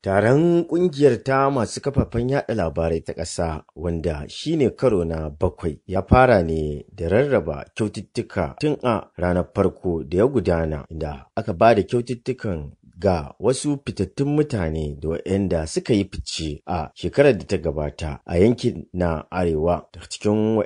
Taron ƙungiyar ta masu kafafen yaɗa labarai ta ƙasa wanda shi ne karo na bakwai ya fara ne da rarraba kyaututtuka tun a ranar farko da ya gudana da aka ba da kyaututtukan ga wasu fitattun mutane da waɗanda suka yi fice a shekarar da ta gabata a yankin na arewa da cikin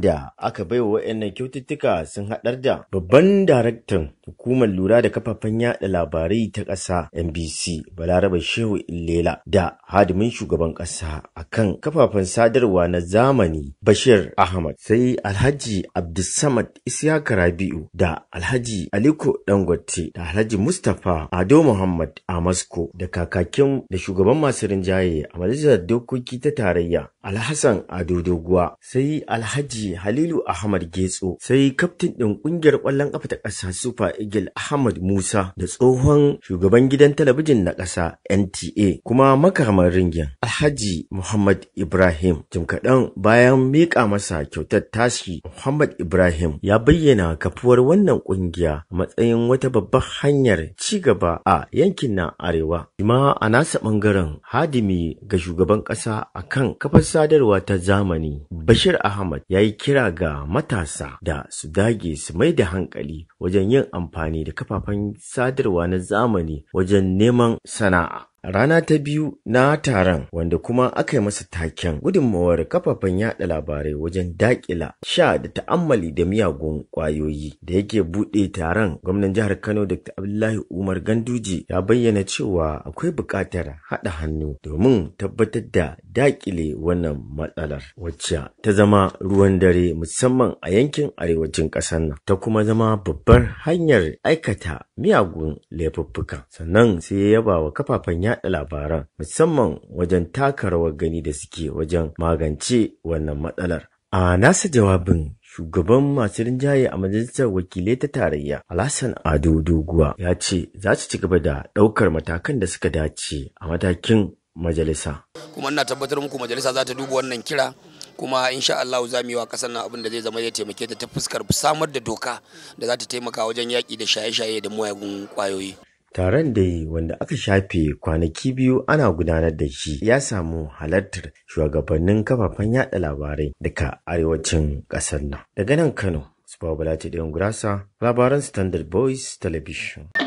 da aka baiwa waɗannan kyaututtuka sun haɗar da babban daraktan hukumar lura da kafafen yada labarai ta ƙasa NBC Balarabe Shehu Ilela, da hadimin shugaban ƙasa akan kafafen sadarwa na zamani Bashir Ahmad sai Alhaji Abdulsamad Isiyaka Rabi'u da Alhaji Aliko Dangote da Alhaji Mustapha Ado Muhammad Amasko da kakakin da shugaban masu rinjaye a majalisar dokoki ta tarayya Alhassan Ado Doguwa sai Alhaji Alhaji Halilu Ahmad Getso sai kaftin ɗin ƙungiyar ƙwallon ƙafa ta ƙasa Super Eagle Ahmad Musa da tsohon shugaban gidan talabijin na ƙasa NTA kuma makamar ringin Alhaji Muhammad Ibrahim jim kaɗan bayan miƙa masa kyautar tashi Muhammad Ibrahim ya bayyana kafuwar wannan ƙungiya matsayin wata babbar hanyar ci gaba a yankin na Arewa. Ima a nasa ɓangaren hadimi ga shugaban ƙasa akan kafar sadarwa ta zamani Bashir Ahmad ya ya yi kira ga matasa da su dage su mai da hankali wajen yin amfani da kafafen sadarwa na zamani wajen neman sana'a. rana ta biyu na taron wanda kuma aka yi masa taken gudunmawar kafafen yada labarai wajen dakila sha da ta'ammali da miyagun kwayoyi da yake buɗe taron gwamnan jihar Kano Dr. Abdullahi Umar Ganduji ya bayyana cewa akwai buƙatar haɗa hannu domin tabbatar da dakile wannan matsalar wacce ta zama ruwan dare musamman a yankin arewacin ƙasar nan ta kuma zama babbar hanyar aikata miyagun laifuffuka sannan sai ya yaba wa kafafen yaɗa labaran musamman wajen taka rawar gani da suke wajen magance wannan matsalar. A nasa jawabin shugaban masu rinjaye a majalisar wakilai ta tarayya alhassan ado doguwa ya ce za su ci gaba da ɗaukar matakan da suka dace a matakin majalisa kuma ina tabbatar muku majalisa za ta duba wannan kira kuma insha Allah za mu yi wa kasar nan abin da zai zama ya taimake ta ta fuskar samar da doka da za ta taimaka wajen yaƙi da shaye-shaye da mayagun kwayoyi. Taron da wanda aka shafe kwanaki biyu ana gudanar da shi ya samu halartar shugabannin kafafen yada labarai daga arewacin ƙasar nan. Daga nan Kano, Sufabulati Ɗayan Gurasa, labaran Standard Boys Television.